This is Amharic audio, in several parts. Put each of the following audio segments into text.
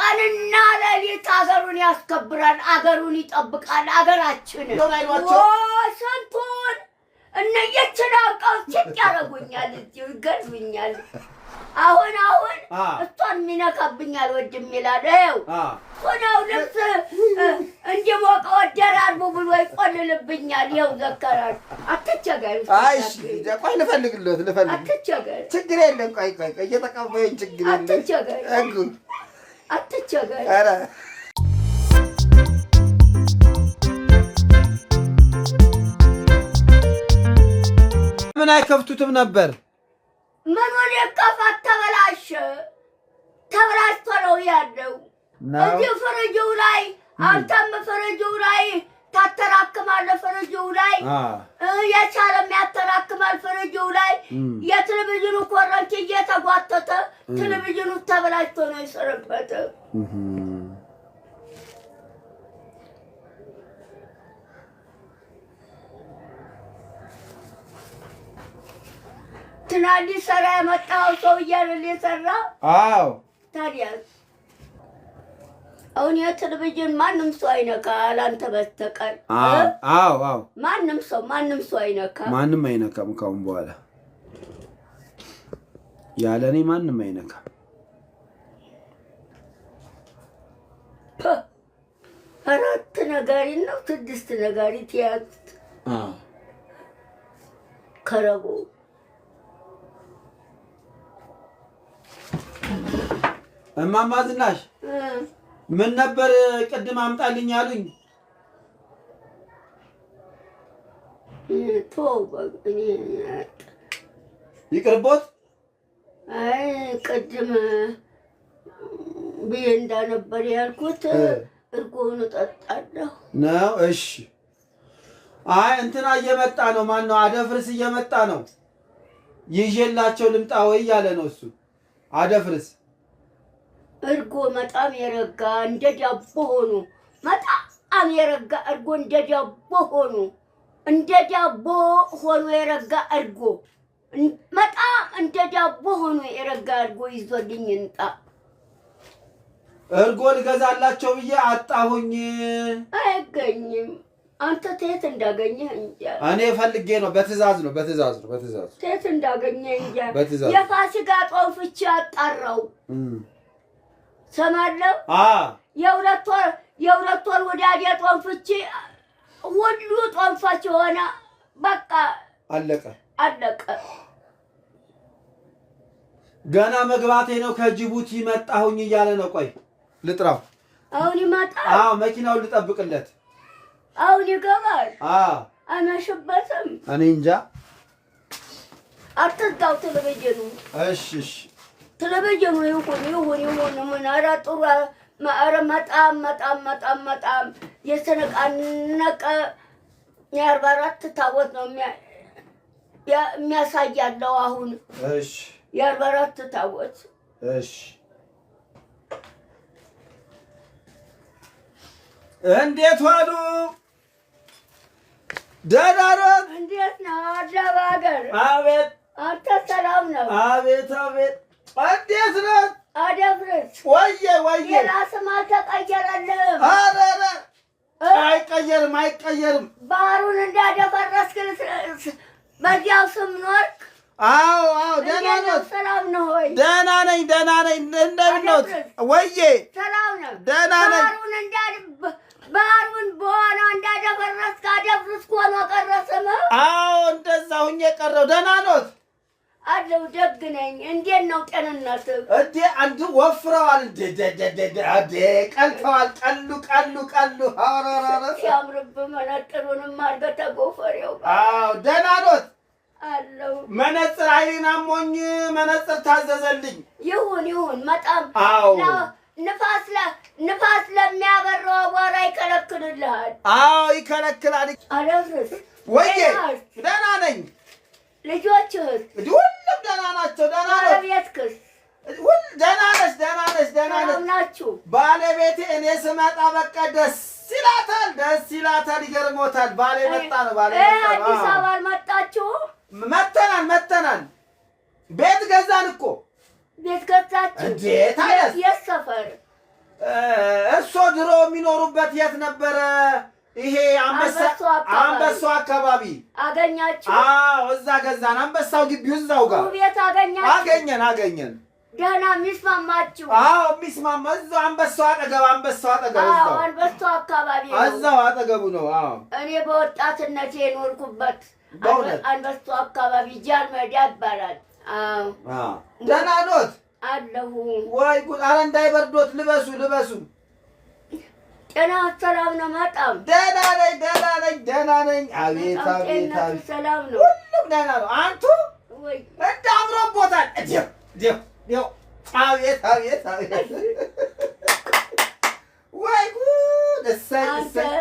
ቀንና ሌሊት አገሩን ያስከብራል፣ አገሩን ይጠብቃል። አገራችን ስንቱን እነየችን አውቀው ችት ይገርምኛል። አሁን አሁን እሷን የሚነካብኝ አልወድም ይላል። ይኸው ሆነው ልብስ እንዲሞቀ ወደራርቡ ብሎ ይቆልልብኛል። ይኸው ዘከራል። አትቸገር፣ ልፈልግለት፣ ልፈልግ። አትቸገር፣ ችግር የለም። ቆይ ቆይ፣ እየተቀበይን ችግር አትቸገር አትቸገር። ምን አይከፍቱትም ነበር። ምኑን ይከፋት? ተበላሸ፣ ተበላሽቶ ነው ያለው እዚህ ፍርጁ ላይ። አንተም ፍርጁ ላይ ታተራክማለህ። ፍርጁ ላይ የቻለም ያተራክ ኖርማል ፍሪጁ ላይ የቴሌቪዥኑ ኮረንቲ እየተጓተተ ቴሌቪዥኑ ተበላሽቶ ነው የሰረበት። ትናንት ሊሰራ የመጣው ሰውዬ ሊሰራ። አዎ ታዲያ አሁን የቴሌቪዥን ማንም ሰው አይነካ፣ አላንተ በስተቀር አዎ፣ አዎ፣ ማንም ሰው ማንም ሰው አይነካ፣ ማንም አይነካም። ካሁን በኋላ ያለ እኔ ማንም አይነካ። አራት ነጋሪ ነው ስድስት ነጋሪ ያዙት ከረቦ እማማ ዝናሽ ምን ነበር ቅድም አምጣልኝ አሉኝ። ይቅርቦት አይ ቅድም ብዬ እንዳነበር ያልኩት እርጎውን እጠጣለሁ ነው። እሺ አይ እንትና እየመጣ ነው። ማን ነው? አደፍርስ እየመጣ ነው። ይዤላቸው ልምጣ ወይ እያለ ነው እሱ አደፍርስ እርጎ በጣም የረጋ እንደ ዳቦ ሆኑ። በጣም የረጋ እርጎ እንደ ዳቦ ሆኑ። እንደ ዳቦ ሆኖ የረጋ እርጎ በጣም እንደ ዳቦ ሆኖ የረጋ እርጎ ይዞልኝ እንጣ እርጎ ልገዛላቸው ብዬ አጣሁኝ። አይገኝም። አንተ ትየት እንዳገኘ እንጃ። እኔ ፈልጌ ነው። በትዕዛዝ ነው። በትዕዛዝ ነው። በትዕዛዝ ትየት እንዳገኘ እንጃ። የፋሲካ ጦፍቼ አጣራው ሰማለው የሁለት ወር የሁለት ወር ወዳዴ ጦንፍቼ ሁሉ ጦንፋች የሆነ በቃ አለቀ አለቀ። ገና መግባቴ ነው ከጅቡቲ መጣሁኝ እያለ ነው። ቆይ ልጥራው። አሁን ይመጣል። አዎ መኪናውን ልጠብቅለት። አሁን ይገባል። አና አመሽበትም። እኔ እንጃ። አትዝጋው ቴሌቪዥኑ። እሺ እሺ ስለበጀምሮ ይሁን ይሁን ይሁን ምን ኧረ ጥሩ ኧረ መጣም መጣም መጣም መጣም የተነቃነቀ የአርባ አራት ታቦት ነው የሚያሳያለው አሁን። እሺ የአርባ አራት ታቦት እሺ እንዴት ዋሉ? ደህና ነው። እንዴት ነው አዳባ ሀገር? አቤት። አንተ ሰላም ነው? አቤት አቤት እንዴት ነህ? አደፍርስ ወየ ወየ የራስህም አልተቀየረልህም። ኧረ ኧረ አይቀየርም አይቀየርም። ባህሩን እንዳደፈረስክ በዚያው ስም ኖርክ። አዎ አዎ፣ ደህና ነዎት? ሰላም ነው ወይ? ደህና ነኝ ደህና ነኝ። እንደምን ነዎት? ወየ ሰላም ነው። ደህና ነኝ። ባህሩን እንዳ ባህሩን በኋላ እንዳደፈረስክ አደፍርስ ሆኖ ቀረ ስምህ። አዎ እንደዛ ሁኜ ቀረው። ደህና ነዎት? አለው ደግ ነኝ። እንዴት ነው ጤንነት? እንዴ አንዱ ወፍረዋል፣ ቀልተዋል፣ ቀሉ ቀሉ ቀሉ ሲያምርብ መነጥሩንም አድርገህ ተጎፈሬው። አዎ ደህና ኖት አለው። መነጽር አሞኝ መነጽር ታዘዘልኝ። ይሁን ይሁን፣ መጣም አዎ ንፋስ ንፋስ ለሚያበረው አቧራ ይከለክልልሃል። አዎ ይከለክላል። ወይ ደህና ነኝ ልጆችህ ደህና ናቸው። ደህና ባለቤትህ ደህና ነች፣ ደህና ነች፣ ደህና ናችሁ። ባለቤቴ እኔ ስመጣ በቃ ደስ ይላታል፣ ደስ ይላታል። ይገርሞታል። ባሌ መጣ ነው። ባሌ አዲስ አበባ አልመጣችሁ? መተናል፣ መተናል። ቤት ገዛን እኮ ቤት ገዛችሁ እንዴ? የት ሰፈር? እርሶ ድሮ የሚኖሩበት የት ነበረ? ይሄ አንበሳ አካባቢ አገኛችሁ? አዎ፣ እዛ ገዛን። አንበሳው ግቢ እዛው ጋር ቤት አገኛችሁ? አገኘን፣ አገኘን። ደህና የሚስማማችሁ? አዎ፣ የሚስማማ እዛው አንበሳው አጠገብ፣ አንበሳው አጠገብ፣ እዛው አንበሳው አካባቢ እዛው አጠገቡ ነው። አዎ፣ እኔ በወጣትነቴ የኖርኩበት አንበሳው አካባቢ ጃል መዳ አዎ፣ ደህና ኖት አለሁ ወይ? ኧረ እንዳይበርዶት፣ ልበሱ፣ ልበሱ ጤና ሰላም ነው። መጣም ደህና ነኝ፣ ደህና ነኝ፣ ደህና ነኝ። አቤት አቤት አቤት፣ ሰላም ነው፣ ሁሉም ደህና ነው። አንቱ እንደ አምሮቦታል። አቤት አቤት አቤት፣ ወይ ጉድ! እሰይ እሰይ፣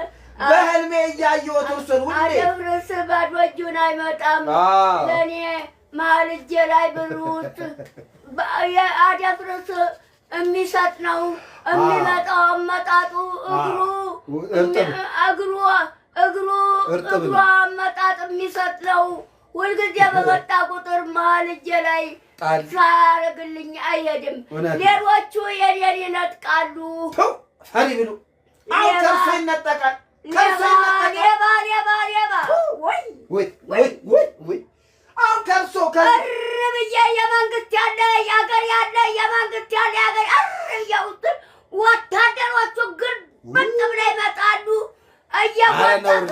በህልሜ እያየሁት እሱን ሁሌ አደብርስ ባዶ እጁን አይመጣም። ለእኔ መሀል እጄ ላይ ብሩት አደፍርስ የሚሰጥ ነው። የሚመጣው አመጣጡ እግሩ እግሩ እግሩ እግሩ አመጣጥ የሚሰጥ ነው። ሁልጊዜ በመጣ ቁጥር መሀል እጄ ላይ ሳያረግልኝ አይሄድም። ሌሎቹ የኔን ይነጥቃሉ። ፈሪ ብሉ ከርሶ ይነጠቃል። ሌባ ሌባ ሌባ ወይ ወይ ወይ ወይ አሁን ከእርሶ እር ብዬ የመንግስት ያለ የሀገር ያለ የመንግስት ያለ የሀገር እር እያውት ወታደሮቹ ግን ብቅ ብለው ይመጣሉ። እየጎጠጡ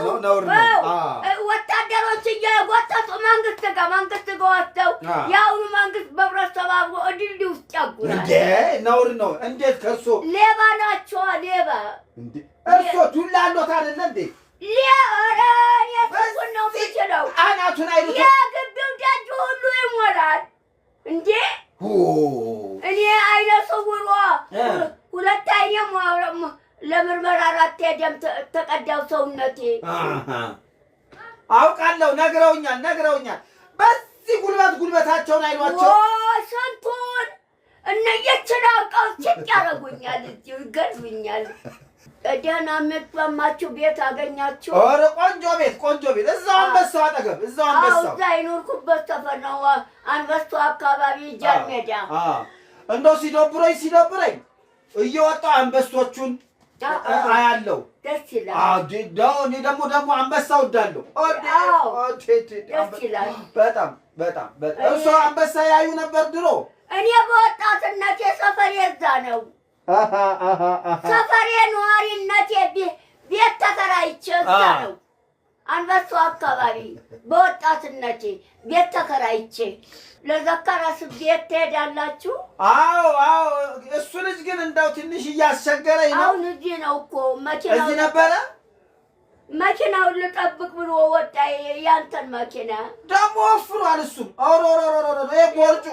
ወታደሮች እየጎጠጡ መንግስት ጋር መንግስት ጋር ወጥተው የአሁኑ መንግስት በህብረተሰብ አብሮ እድል ውስጥ ያጉራል። እንዴ ነውር ነው! እንዴት ከእርሶ ሌባ ናቸዋ ሌባ እርሶ ዱላ አሎት አይደለ እንዴ? ነው የምችለው። አናቱን አይሉት የግቢው ደጅ ሁሉ ይሞላል እንዴ! እኔ አይነ ስውሯ ሁለታኛ ለምርመራ አራት ደም ተቀዳው ሰውነቴ አውቃለሁ። ነግረውኛል ነግረውኛል። በዚህ ጉልበት ጉልበታቸውን አይሏቸው ስንቱን እነየችን አውቀው ችት ያደረጉኛል፣ ይገርሙኛል። ደህና የምትማማችሁ ቤት አገኛችሁ? ኧረ ቆንጆ ቤት ቆንጆ ቤት እዛው አንበሳው አጠገብ እዛው አንበሳው እዛ ይኖርኩበት ሰፈር ነው። አንበሳው አካባቢ ጃር ሜዳ እንደው ሲደብረኝ ሲደብረኝ እየወጣሁ አንበሶቹን አያለው። ደስ ይላል። እኔ ደግሞ ደግሞ አንበሳ እወዳለሁ። ደስ ይላል። በጣም በጣም በጣም እሱ አንበሳ ያዩ ነበር ድሮ። እኔ በወጣትነት የሰፈር የዛ ነው ሰፈሬ ነዋሪነት ቤት ተከራይቼ እዛ ነው አንበሳው አካባቢ በወጣትነቴ ቤት ተከራይቼ ለዘካራስ ቤት ትሄዳላችሁ? አዎ አዎ። እሱ ልጅ ግን እንደው ትንሽ እያስቸገረኝ ነው። አሁን እዚህ ነው እኮ መኪና እዚህ ነበረ መኪናውን ልጠብቅ ብሎ ወጣ። ያንተን መኪና ደግሞ ወፍሯል። እሱም ቦርጩ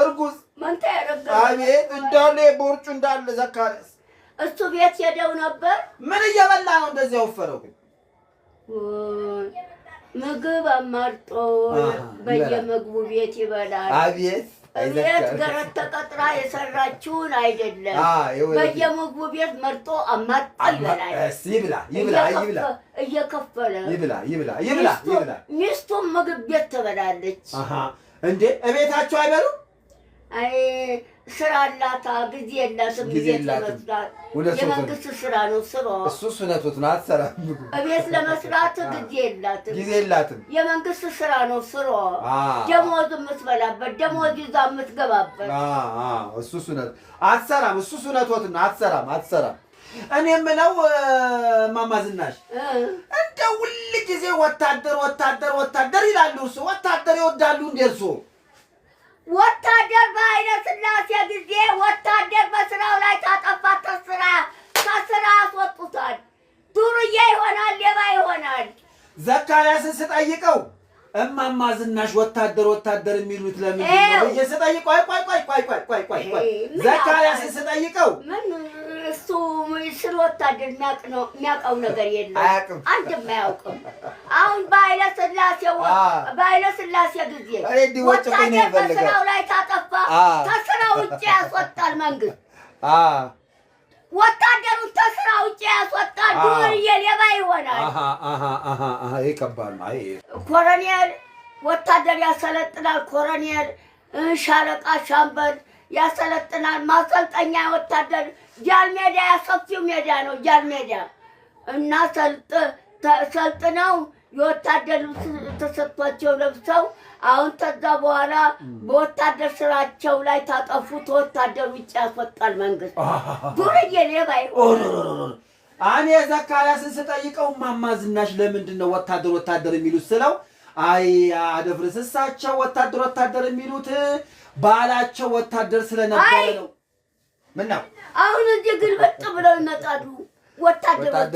እርጉዝ መንታ ያደረገ እንዳለ ቦርጩ እንዳለ ዘካሪያስ እሱ ቤት ሄደው ነበር። ምን እየበላ ነው እንደዚህ ያወፈረው? ግን ምግብ አማርጦ በየምግቡ ቤት ይበላል። አቤት ቤት ገረት ተቀጥራ የሰራችውን አይደለም። በየምግቡ ቤት መርጦ እየከፈለ ሚስቱም ምግብ ቤት ትበላለች እንዴ? እቤታቸው አይበሉም። ስራ አላታ ጊዜ የላትም። ጊዜ የመንግስት ስራ ነው ስራዋ። እሱ እውነቱን ነው። አትሰራም። እቤት ለመስራት ጊዜ የላትም፣ ጊዜ የላትም። የመንግስት ስራ ነው ስራዋ። ደሞዝ የምትበላበት፣ ደሞዝ ይዛ የምትገባበት። እሱ እውነት አትሰራም። እሱ እውነቱን ነው። አትሰራም፣ አትሰራም። እኔ የምለው እማማ እንደ ሁል ጊዜ ወታደር ወታደር ወታደር ይላሉ። እሱ ወታደር ይወዳሉ እንደ እርሱ ወታደር በኃይለ ሥላሴ ጊዜ ወታደር በስራው ላይ ታጠፋ ተስራ ከስራ አስወጡታል። ዱርዬ ይሆናል፣ ሌባ ይሆናል። ዘካርያስን ስጠይቀው እማማ ዝናሽ ወታደር ወታደር የሚሉት ለምን ነው ብዬሽ ስጠይቅ፣ ቆይ ቆይ ቆይ ቆይ ቆይ ቆይ ቆይ ቆይ ዘካሪያስን ምን እሱ ስለ ወታደር ነው የሚያውቀው ነገር የለም፣ አንድም አያውቅም። አሁን በኃይለ ሥላሴ በኃይለ ሥላሴ ጊዜ ወታደር በስራው ላይ ታጠፋ፣ ከስራው ውጭ ያስወጣል መንግስት ወታደሩን ተስራ ውጭ ያስወጣ ዱር የሌባ ይሆናል። ይህ ከባድ ነው። ኮሎኔል ወታደር ያሰለጥናል። ኮሎኔል ሻለቃ፣ ሻምበል ያሰለጥናል። ማሰልጠኛ ወታደር ጃል ሜዳ ያሰፊው ሜዳ ነው። ጃል ሜዳ እና ሰልጥ ሰልጥነው የወታደር ልብስ ተሰጥቷቸው ለብሰው አሁን ከዛ በኋላ በወታደር ስራቸው ላይ ታጠፉት ወታደር ውጭ ያስወጣል መንግስት። ዱርዬ ሌባ እኔ ዘካሪያስን ስጠይቀው እማማ ዝናሽ ለምንድን ነው ወታደር ወታደር የሚሉት ስለው አይ አደፍርስ እሳቸው ወታደር ወታደር የሚሉት ባላቸው ወታደር ስለነበረ ነው። ምነው አሁን እዚህ ግልበጥ ብለው ይመጣሉ። ወታደሮች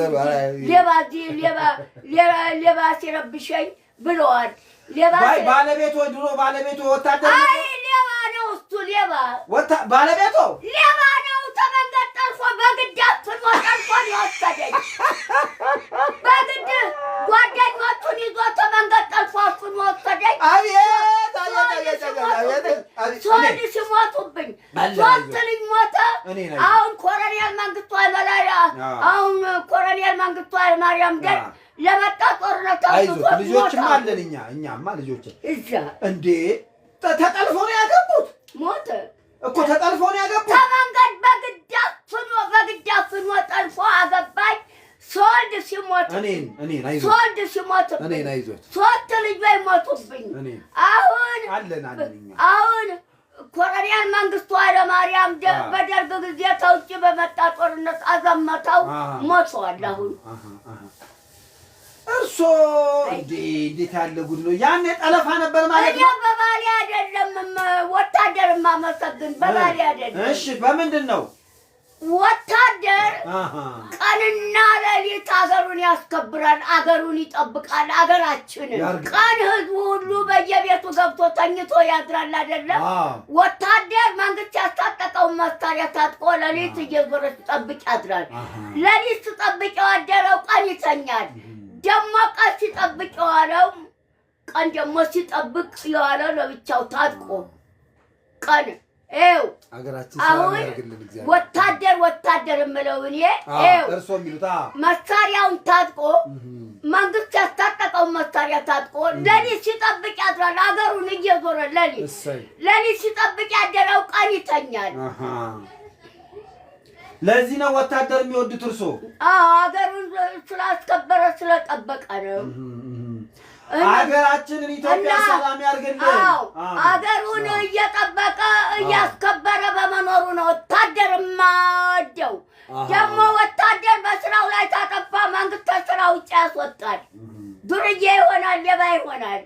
ሌባ ሲረብሸኝ ብለዋል። ሌባ ድሮ ባለቤቱ ወታደር አይ ሌባ ነው እሱ ሌባ ባለቤቱ ሌባ ነው። ተመንገድ ጠልፎ በግድ ጠልፎ ወሰደኝ በግድ ጓደኛ ሁለቱን ይዞ ተመንገድ ጠልፎ አፉን ወሰደኝ። ሶን ሲሞቱብኝ ሶስት ልጅ ሞተ። አሁን ኮሎኔል መንግስቱ ኃይለማርያም አሁን ኮሎኔል መንግስቱ ኃይለማርያም ደግ የመጣ ጦርነት ልጆችም አለን እኛ እኛማ ልጆች እንዴ ተጠልፎ ነው ያገቡት። ሞተ እኮ ተጠልፎ ነው ያገቡት። ተመንገድ በግድ አፍኖ በግድ አፍኖ ጠልፎ አገባኝ። ሶድ ሲሞት ሶድ ሲሞትብኝ ሶስት ልጅ ይሞቱብኝ። አሁን አሁን ኮሎኔል መንግስቱ ኃይለማርያም በደርግ ጊዜ ከውጭ በመጣ ጦርነት አዘመተው ሞቷል። አሁን እርሶ እንዴት ያለ ጉድ ነው! ያኔ ጠለፋ ነበር ማለት ነው። በባሌ አይደለም ወታደር ማመሰግን፣ በባሌ አይደለም። እሺ፣ በምንድን ነው ወታደር ቀንና ሌሊት አገሩን ያስከብራል፣ አገሩን ይጠብቃል። አገራችን ቀን ህዝቡ ሁሉ በየቤቱ ገብቶ ተኝቶ ያድራል አይደለም። ወታደር መንግስት ያስታጠቀውን መሳሪያ ታጥቆ ሌሊት እየዞረ ሲጠብቅ ያድራል። ሌሊት ሲጠብቅ የዋደረው ቀን ይተኛል። ደግሞ ቀን ሲጠብቅ የዋለው ቀን ደግሞ ሲጠብቅ የዋለው ለብቻው ታጥቆ ቀን ይኸው አሁን ወታደር ወታደር የምለው እኔ መሳሪያውን ታጥቆ መንግስት ያስታጠቀውን መሳሪያ ታጥቆ ለሊት ሲጠብቅ ያድራል። አገሩን እየዞረ ለሊት ለሊት ሲጠብቅ ያደረው ቀን ይተኛል። ለዚህ ነው ወታደር የሚወዱት እርሶ? አገሩን ስላስከበረ ስለጠበቀ ነው። አገራችንን ኢትዮጵያ ሰላም ያርግልን። አገሩን እየጠበቀ እያስከበረ በመኖሩ ነው። ወታደር ማደው ደግሞ ወታደር በስራው ላይ ታጠፋ፣ መንግስት ከስራ ውጭ ያስወጣል። ዱርዬ ይሆናል፣ ሌባ ይሆናል።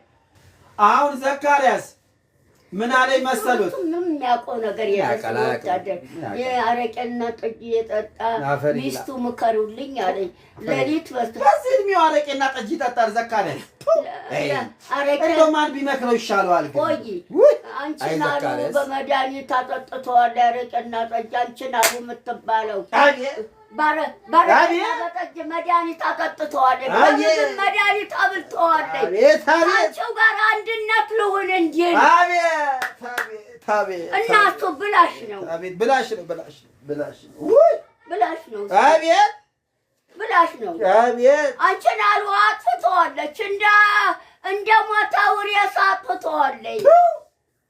አሁን ዘካርያስ ምን አለኝ መሰሉት? ምንም የሚያውቀው ነገር የወታደር የአረቄና ጠጅ የጠጣ ሚስቱ ምከሩልኝ አለኝ። ሌሊት በዚህ እድሜው አረቄና ጠጅ ይጠጣል። ዘካለ ማን ቢመክረው ይሻለዋል? ቆይ አንቺን አሉ በመድኃኒት አጠጥተዋል። አረቄና ጠጅ አንቺን አሉ የምትባለው ባረኛ በጠጅ መድኃኒት አቀጥተዋለች፣ በምግብ መድኃኒት አብልተዋለች። አንቺው ጋር አንድነት ልሁን እንጂ እናቱ ብላሽ ነው ብላሽ ነው ብላሽ ነው ብላሽ ነው ብላሽ ነው አንቺን አልዋ አጥፍተዋለች፣ እንደ እንደ ሞተ ውሬሳ አጥፍተዋለች።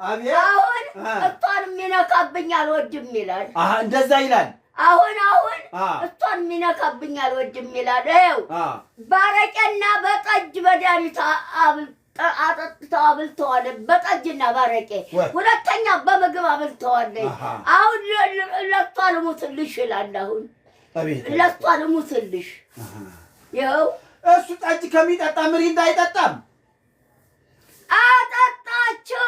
አሁን እሷን የሚነካብኝ አልወድም ይላል፣ እንደዛ ይላል አሁን አሁን እሷን ሚነካብኛል አልወድም ይላል። ይኸው ባረቄና በጠጅ በዳኒት አጠጥተው አብልተዋል። በጠጅና ባረቄ ሁለተኛ በምግብ አብልተዋል። አሁን ለሷ ልሙትልሽ ይላል። አሁን ለሷ ልሙትልሽ። ይኸው እሱ ጠጅ ከሚጠጣ ምሪንዳ አይጠጣም። አጠጣችው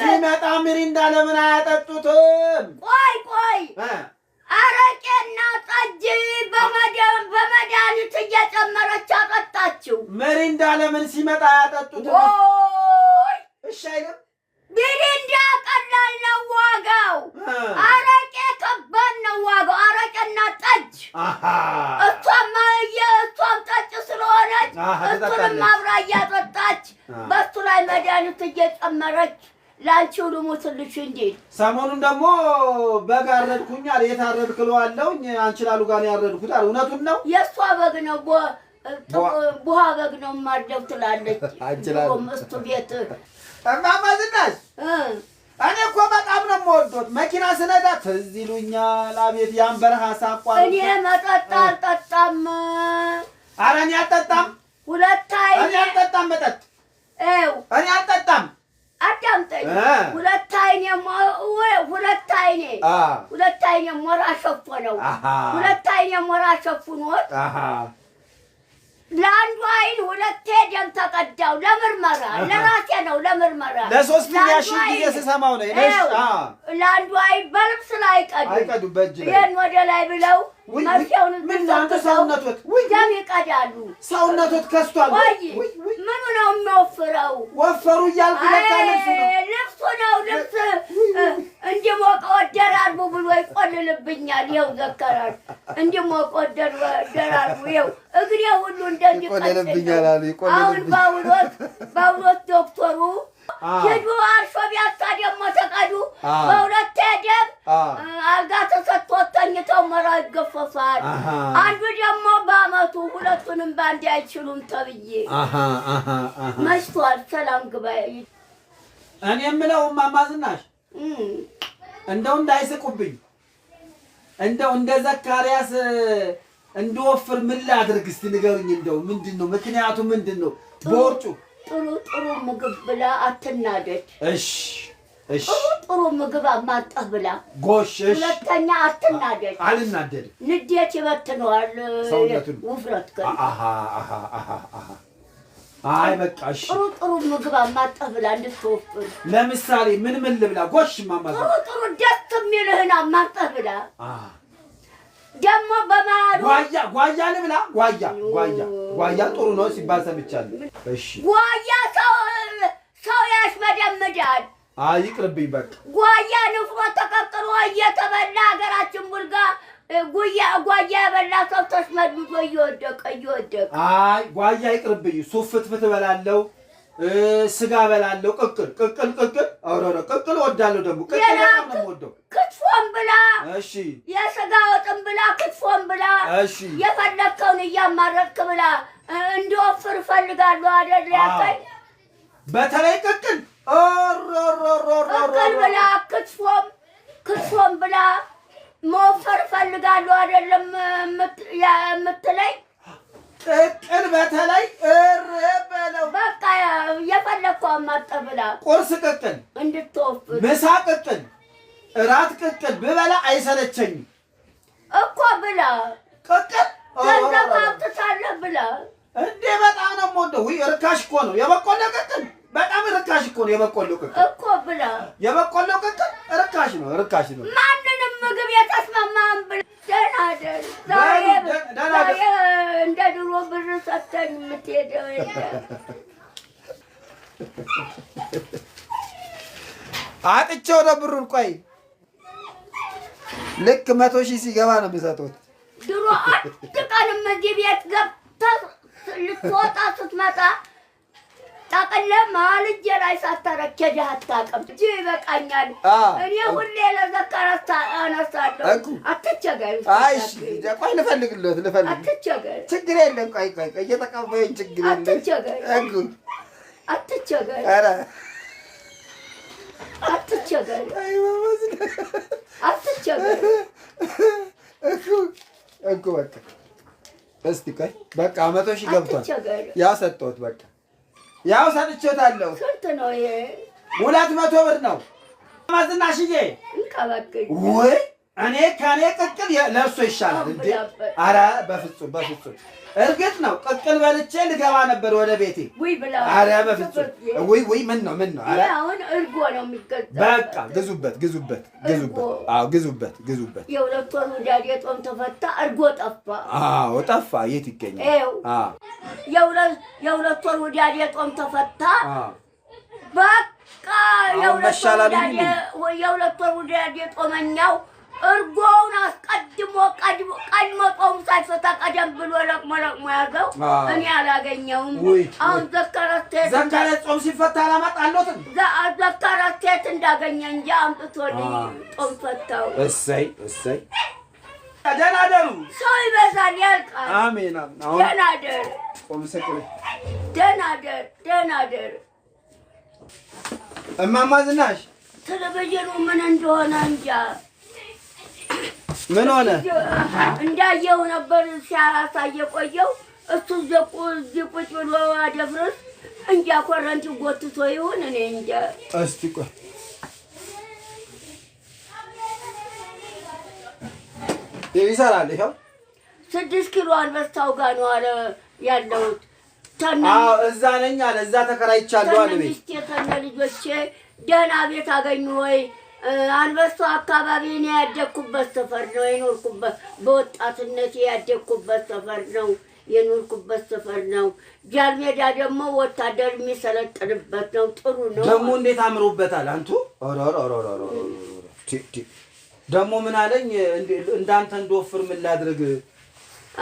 ሲመጣ ምሪንዳ ለምን አያጠጡትም? ቆይ ቆይ ያጠጣችው? መሪንዳ ለምን ሲመጣ ያጠጡት? ወይ እሺ አይደል? ሚሪንዳ ቀላል ነው ዋጋው። አረቄ ከባድ ነው ዋጋው። አረቄና ጠጅ እሷም እሷም ጠጭ ስለሆነች እሱንም አብራ እያጠጣች በሱ ላይ መድኃኒት እየጨመረች ላንቺው ልሙትልሽ እንጂ ሰሞኑን ደግሞ በግ አረድኩኛል። የት አረድክለዋለሁኝ? አንቺ ላሉ ጋር ያረድኩት እውነቱን ነው። የእሷ በግ ነው ቡሃ በግ ነው የማርደው ትላለች። እስቱ ቤት እማማ ዝናሽ እኔ እኮ በጣም ነው የምወዶት። መኪና ስነዳ ትዝ ይሉኛል። አቤት ያን በረሃ ሳቋ እኔ መጠጣ አልጠጣም። ኧረ እኔ አልጠጣም፣ ሁለት አይኔ እኔ አልጠጣም፣ መጠጥ እኔ አልጠጣም። አዳምጠኝ። ሁለት አይኔ ሁለት አይኔ ሁለት አይኔ ሞራ ሸፎ ነው ሁለት አይኔ ሞራ ሸፉኖት ለአንዱ አይን ሁለቴ ደም ተቀዳው። ለምርመራ ለራሴ ነው ለምርመራ። ለሶስተኛ ሺህ ጊዜ ስሰማው ነው። ለአንዱ አይን በልብስ ላይ ቀዱ፣ ይህን ወደ ላይ ብለው ምናንተ ሰውነቶት ደም ይቀዳሉ። ሰውነቶት ከስቷል። ምኑ ነው የሚወፍረው? ወፈሩ እያልኩ ልብሱ ነው። ልብስ እንዲሞቀ ወደራርቡ ብሎ ይቆልልብኛል። ይኸው ዘከራል። እንዲሞቀ ወደራርቡ ይኸው እግሬ ሁሉ እንደሚቆልልብኛል አሁን በአውሎት በአውሎት ዶክተሩ ሂዱ አርሾ ቢያታ ደግሞ ተቀዱ በሁለት ደም አልጋ ተሰጥቶት ተኝተው መራ ይገፈፋል። አንዱ ደግሞ በአመቱ ሁለቱንም በአንድ አይችሉም ተብዬ መሽቷል። ሰላም ግባ። እኔ የምለው እማማ ዝናሽ እንደው እንዳይስቁብኝ እንደው እንደ ዘካርያስ እንድወፍር ምን ላድርግ እስቲ ንገሩኝ። እንደው ምንድን ነው ምክንያቱ? ምንድን ነው በወርጩ? ጥሩ ጥሩ ምግብ ብላ አትናደድ። እሺ ጥሩ ምግብ አማጣህ ብላ። ጎሽ ሁለተኛ አትናደድ። አልናደድ። ንዴት ይበትነዋል ሰውነቱን፣ ውፍረት አይ በቃ እሺ። ጥሩ ጥሩ ምግብ አማጣህ ብላ እንድትወፍር። ለምሳሌ ምን ምን ልብላ? ጎሽ ማማ፣ ጥሩ ጥሩ ደስ የሚልህን አማጣህ ብላ። ደግሞ ጓያ ጓያ ልብላ። ጓያ ጓያ ጓያ ጥሩ ነው ሲባል ሰምቻለሁ። እሺ ጓያ ሰው ሰው ያሽመደምዳል። አይቅርብኝ በቃ ጓያ ንፍሮ ተቀቅሎ እየተበላ ሀገራችን ቡልጋ ጉያ ጓያ የበላ ሰው ተሽመድምዶ እየወደቀ እየወደቀ። አይ ጓያ ይቅርብኝ፣ ሱፍትፍት እበላለሁ፣ ስጋ እበላለሁ፣ ቅቅል ቅቅል ቅቅል አውረረ ቅቅል እወዳለሁ። ደግሞ ቅቅል በጣም ክትፎን ብላ፣ እሺ፣ የስጋ ወጥን ብላ፣ ክትፎን ብላ፣ እሺ፣ የፈለግከውን እያማረጥክ ብላ። እንዲወፍር እፈልጋለሁ አይደል ያልከኝ፣ በተለይ ቅቅል እቅል ብላ ክትፎም ክትፎም ብላ መወፈር እፈልጋለሁ አይደለም የምትለኝ ቅቅል በተለይ እርብ በለው በቃ የፈለግከው አማጣ ብላ ቁርስ ቅቅል እንድትወፍር ምሳ ቅቅል እራት ቅቅል ብበላ አይሰለቸኝም እኮ ብላ ቅቅል ገንዘብ አውጥታለህ ብላ እንዴ በጣም ነው ሞንደ ርካሽ እኮ ነው የበቆለ ቅቅል በጣም ርካሽ እኮ ነው የበቆሎ ቅቅል እኮ ብላ የበቆሎ ቅቅል ርካሽ ነው ርካሽ ነው። ማንንም ምግብ የተስማማህን ብለህ ደህና ደህና ዛሬ እንደ ድሮ ብር ሰጥተን የምትሄደው የለም። አጥቼው ነው ብሩን። ቆይ ልክ መቶ ሺህ ሲገባ ነው የምሰጡት። ድሮ አንድ ቀንም እዚህ ቤት ገብተህ ልትወጣ ስትመጣ ጠቅለ መሀል እጄ ላይ ሳታረኬድ አታውቅም። እጅ ይበቃኛል። እኔ ሁሌ ለዘካር አነሳለሁ። አትቸገሪ። ቆይ ልፈልግለት፣ ልፈልግ። አትቸገሪ። ችግር የለም። ቆይ ቆይ፣ እየተቀበይኝ ችግር የለም። አትቸገሪ፣ አትቸገሪ፣ አትቸገሪ፣ አትቸገሪ። በቃ እስቲ ቆይ፣ በቃ መቶ ሺህ ገብቷል። ያ በቃ ያው ሰጥቼታለሁ። ስንት ነው ይሄ? ሁለት መቶ ብር ነው። ማዝናሽዬ ወይ እኔ ከኔ ቅቅል ለእርሶ ይሻላል እንዴ? አረ በፍጹም በፍጹም። እርግጥ ነው ቅቅል በልቼ ልገባ ነበር ወደ ቤቴ። አረ በፍጹም ውይ ውይ፣ ምን ነው ምን ነው? አረ አሁን እርጎ ነው የሚቀጣው። በቃ ግዙበት ግዙበት ግዙበት። አዎ ግዙበት ግዙበት። የሁለት ወር ሁዳዴ የጦም ተፈታ፣ እርጎ ጠፋ። አዎ ጠፋ። የት ይገኛል? አዎ የሁለት ወር ሁዳዴ የጦም ተፈታ። በቃ የሁለት ወር ሁዳዴ የጦመኛው እርጎውን አስቀድሞ ቀድሞ ጾም ሳይፈታ ቀደም ብሎ ለቅሞ ለቅሞ ያዘው። እኔ አላገኘውም። አሁን ዘከረት ዘከረት ጾም ሲፈታ አላመጣለትም። ዘከረት እንዳገኘ እንጂ አምጥቶልኝ ጾም ፈታው። እሰይ እሰይ። ደህና ደሩ። ሰው ይበዛል ያልቃል። አሜን። ደህና ደር። ጾም ሰቅል። ደህና ደር። ደህና ደር። እማማ ዝናሽ ቴሌቪዥኑ ምን እንደሆነ እንጃ ምን ሆነ? እንዳየው ነበር ሲያሳየ ቆየው። እሱ እዚህ ቁጭ ብሎ አደፍርስ እንጃ ኮረንቲ ጎትቶ ይሁን እኔ እንጃ። እስቲ ቆይ ይሰራል። ይኸው ስድስት ኪሎ አንበሳው ጋር ነው አለ ያለሁት። እዛ ነኝ አለ። እዛ ተከራይቻለሁ አለ ቤት። ተነ ልጆቼ ደህና ቤት አገኙ ወይ አንበሶ አካባቢ እኔ ያደግኩበት ሰፈር ነው የኖርኩበት። በወጣትነት ያደግኩበት ሰፈር ነው የኖርኩበት ሰፈር ነው። ጃልሜዳ ደግሞ ወታደር የሚሰለጥንበት ነው። ጥሩ ነው ደግሞ። እንዴት አምሮበታል! አንቱ ደግሞ ምን አለኝ? እንዳንተ እንደወፍር ምን ላድርግ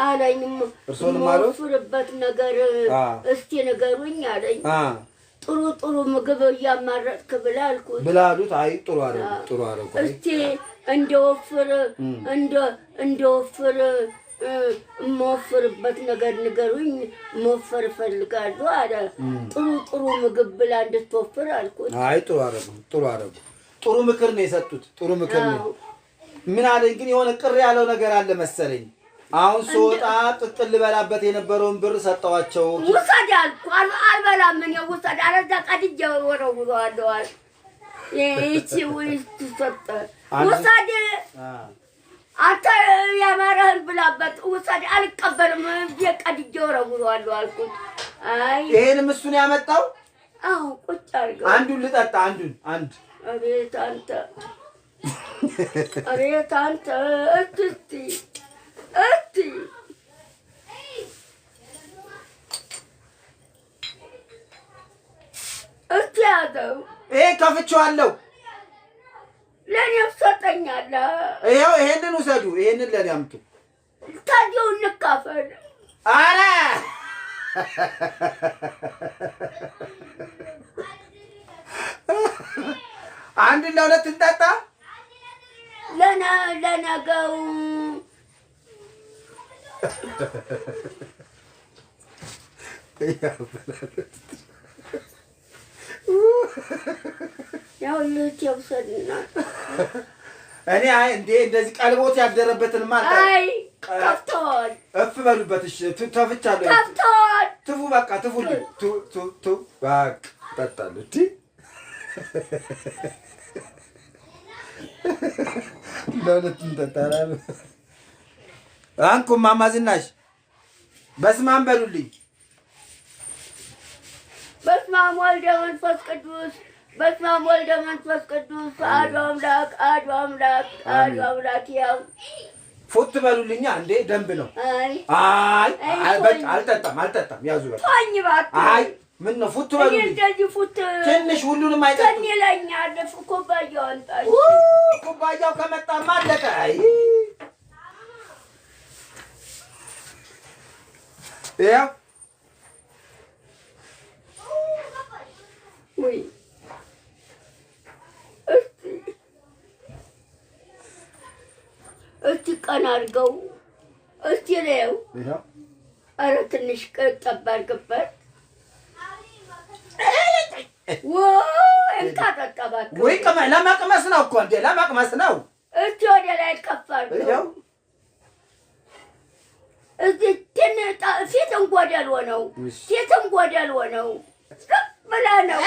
አለኝ። እርስዎንም አለው ፍርበት ነገር እስቲ ንገሩኝ አለኝ። ጥሩ ጥሩ ምግብ እያማረጥክ ብላ አልኩት ብላ አሉት። አይ ጥሩ አረ ጥሩ አረ እስቲ እንደወፍር እንደ እንደወፍር የምወፍርበት ነገር ንገሩኝ፣ መወፈር እፈልጋለሁ አለ። ጥሩ ጥሩ ምግብ ብላ እንድትወፍር አልኩት። አይ ጥሩ አደረጉ ጥሩ አደረጉ። ጥሩ ምክር ነው የሰጡት። ጥሩ ምክር ነው። ምን አለኝ ግን የሆነ ቅር ያለው ነገር አለ መሰለኝ አሁን ስወጣ ጥጥል ልበላበት የነበረውን ብር ሰጠዋቸው። ውሰድ አልኩህ። አልበላም ምን ውሰድ አረዳ እዛ ቀድጄ ወረውረዋለሁ አለ። ይህቺ ሰጠ ውሰድ አንተ ያማረህን ብላበት ውሰድ። አልቀበልም እጄ ቀድጄ ወረውረዋለሁ አልኩት። አይ ይሄንም እሱን ያመጣው አዎ። ቁጭ አድርገው። አንዱን ልጠጣ አንዱን አንድ አቤት አንተ አቤት አንተ እትስቲ ይሄ ከፍቼዋለሁ። ለእኔ ትሰጠኛለህ? ይኸው ይሄንን ውሰዱ፣ ይሄንን ለእኔ አምጡ። ታዲያ እንካፈል። ኧረ አንድ ለሁለት እንጠጣ ለነገው እኔ አይ እንዴ እንደዚህ ቀልቦት ያደረበትን ማለት አይ እፍ በሉበት። እሺ ተፍቻለሁ። ከፍቶን ትፉ በቃ ትፉ ቱ ቱ ቱ በቃ ጠጣለሁ። እቲ ለሁለት እንጠጣለን። አንኩ እማማ ዝናሽ በስመ አብ በሉልኝ። በስመ አብ ወልደ መንፈስ ቅዱስ በስመ አብ ወልደ መንፈስ ቅዱስ አሐዱ አምላክ አሐዱ አምላክ አሐዱ አምላክ። ያው ፉት በሉልኛ እንዴ ደንብ ነው። አይ አይ በቃ አልጠጣም አልጠጣም። ያዙ በቃ እባክህ። አይ ምን ነው ፉት በሉልኝ። እንደዚህ ፉት ትንሽ ሁሉንም አይጠጣም። ከኔ ላይኛ አለፍ ኩባያው ከመጣማ አለቀ። አይ ይኸው እስቲ ቀን አድርገው እስቲ ላየው። ኧረ ትንሽ ቀን ጠብ አድርግበት። ለመቅመስ ነው እኮ እንደ ለመቅመስ ነው። እስቲ ወደ ላይ ከፍ አድርገው ፊትም ጎደሎ ነው። ፊትም ጎደሎ ነው ብላ ነው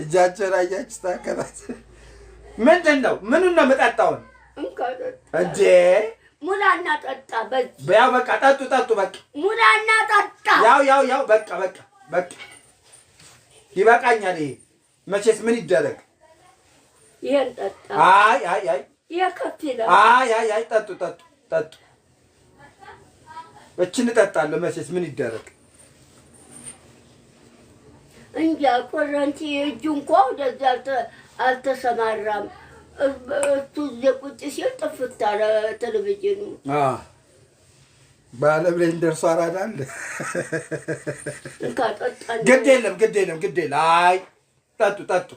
እጃቸውን አያች ታከታት ምንድን ነው? ምኑን ነው የምጠጣውን? እንዴ ሙላና ጠጣ። በዚህ ያው በቃ ጠጡ፣ ጠጡ በቃ ሙላና ጠጣ። ያው ያው ያው በቃ በቃ በቃ ይበቃኛል። ይሄ መቼስ ምን ይደረግ ይሄን ጠጣ። አይ አይ አይ ይሄ ከፍ ይላል። አይ አይ አይ ጠጡ ጠጡ ጠጡ። እችን እጠጣለሁ። መቼስ ምን ይደረግ እንጃ። ቆረንቲ እጁ እንኳ ወደዚህ አልተሰማራም። እሱ እዚህ ቁጭ ሲል ጥፍት አለ ቴሌቪዥኑ። በዓለም ላይ እንደርሱ አራዳ አለ። ግድ የለም ግድ የለም ግድ የለም። አይ ጠጡ ጠጡ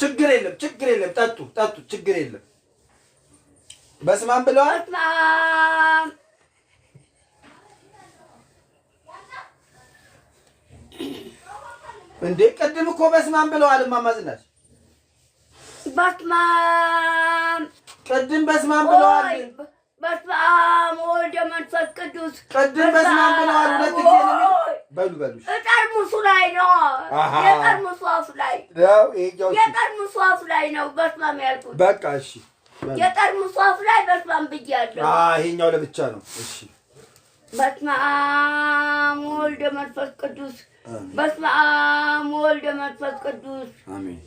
ችግር የለም፣ ችግር የለም። ጠጡ ጠጡ፣ ችግር የለም። በስመ አብ ብለዋል። እንዴ ቅድም እኮ በስመ አብ ብለዋል። እማማ በስመ አብ ቅድም በስመ አብ ብለዋል። በስመአብ ወወልድ መንፈስ ቅዱስ ቅድም በስመአብ ብለዋል። ሁለት ጊዜ ነው። በሉ በሉ። ጠርሙሱ ላይ ነው። የጠርሙሱ አፍ ላይ የጠርሙሱ አፍ ላይ ነው ያልኩት። በቃ እሺ። የጠርሙሱ አፍ ላይ ብያለሁ። ይሄኛው ለብቻ ነው። እሺ። በስመ አብ ወወልድ ቅዱስ በስመ አብ ወልደ መንፈስ ቅዱስ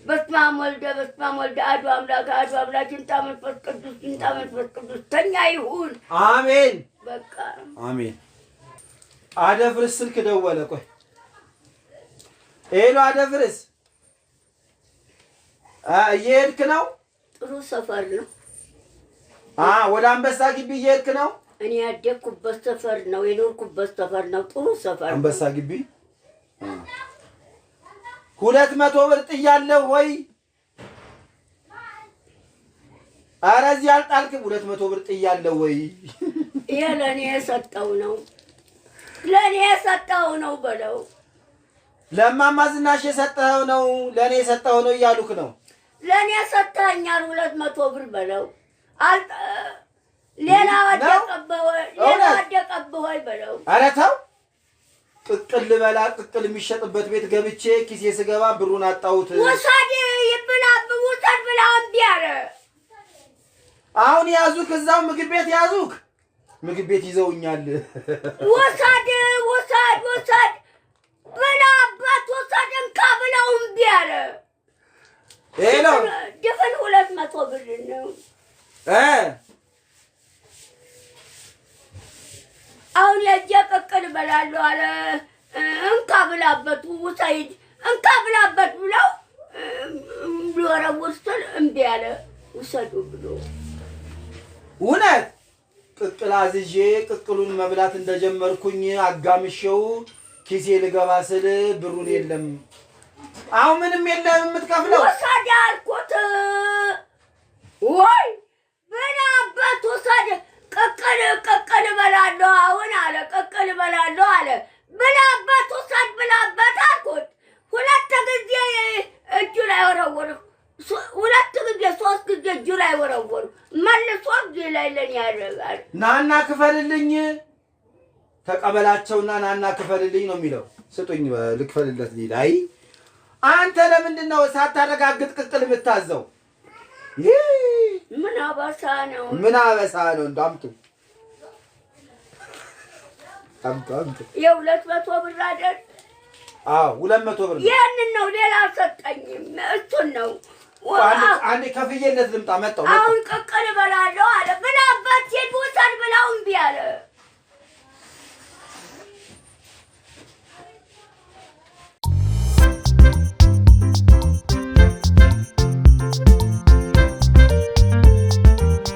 በስመ አብ ወልደ በስመ አብ ወልደ አሐዱ አምላክ አሐዱ አምላክ ይምጣ መንፈስ ቅዱስ ይምጣ መንፈስ ቅዱስ ተኛ ይሁን። አሜን። በቃ አሜን። አደፍርስ ስልክ ደወለ። ቆይ ሄሎ፣ አደፍርስ እየሄድክ ነው? ጥሩ ሰፈር ነው። ወደ አንበሳ ግቢ እየሄድክ ነው? እኔ ያደግኩበት ሰፈር ነው፣ የኖርኩበት ሰፈር ነው። ጥሩ ሰፈር አንበሳ ግቢ ሁለት መቶ ብር ጥያለሁ ወይ? ኧረ እዚህ አልጣልክም። ሁለት መቶ ብር ጥያለሁ ወይ? ይሄ ለእኔ የሰጠው ነው፣ ለእኔ የሰጠው ነው በለው። ለማማ ዝናሽ የሰጠኸው ነው፣ ለእኔ የሰጠው ነው እያሉክ ነው። ለእኔ ሰጥተኛል ሁለት መቶ ብር በለው። ሌላ ወደቀብህ ወይ በለው። ኧረ ተው ቅቅል ልበላ ቅቅል የሚሸጥበት ቤት ገብቼ ኪሴ ስገባ ብሩን አጣሁት። ወሳድ ይብላ ውሰድ ብላ እምቢ አለ። አሁን ያዙክ፣ እዛው ምግብ ቤት ያዙክ። ምግብ ቤት ይዘውኛል። ወሳድ ወሳድ ወሳድ ብላ አባት ወሳድ እንካ ብላው እምቢ አለ። ይሄ ነው ድፍን ሁለት መቶ ብር ነው እ አሁን ለእጄ ቅቅል እበላለሁ አለ። እንካ ብላበት ውሰይድ፣ እንካ ብላበት ብለው ሊወረውር ስል እምቢ አለ። ውሰዱ ብሎ እውነት ቅቅል አዝዤ ቅቅሉን መብላት እንደጀመርኩኝ አጋምሼው ኪሴ ልገባ ስል ብሩን የለም። አሁን ምንም የለም የምትከፍለው። ውሰድ ያልኩት ወይ ብላበት ውሰድ ቅቅል ቅቅል እበላለሁ አሁን አለ ቅቅል እበላለሁ አለ። ብላበት ውሰድ ብላበት አልኩት። ሁለት ጊዜ እጁ ላይ ወረወሩ። ሁለት ጊዜ ሶስት ጊዜ እጁ ላይ ወረወሩ። መልሶ እጅ ላይ ለኔ ያደርጋል። ናና ክፈልልኝ፣ ተቀበላቸውና ናና ክፈልልኝ ነው የሚለው። ስጡኝ ልክፈልለት ሊላይ አንተ ለምንድን ነው ሳታረጋግጥ ቅቅል የምታዘው? ምን አበሳ ነው? ምን አበሳ ነው? እንዳምጡ የሁለት መቶ ብር አይደል? አዎ ሁለት መቶ ብር ያንን ነው። ሌላ አልሰጠኝም። እሱን ነው አንድ ከፍዬለት ልምጣ። መጣሁ አሁን ቅቅል እበላለሁ አለ። ሴት ውሰድ ብላው እምቢ አለ።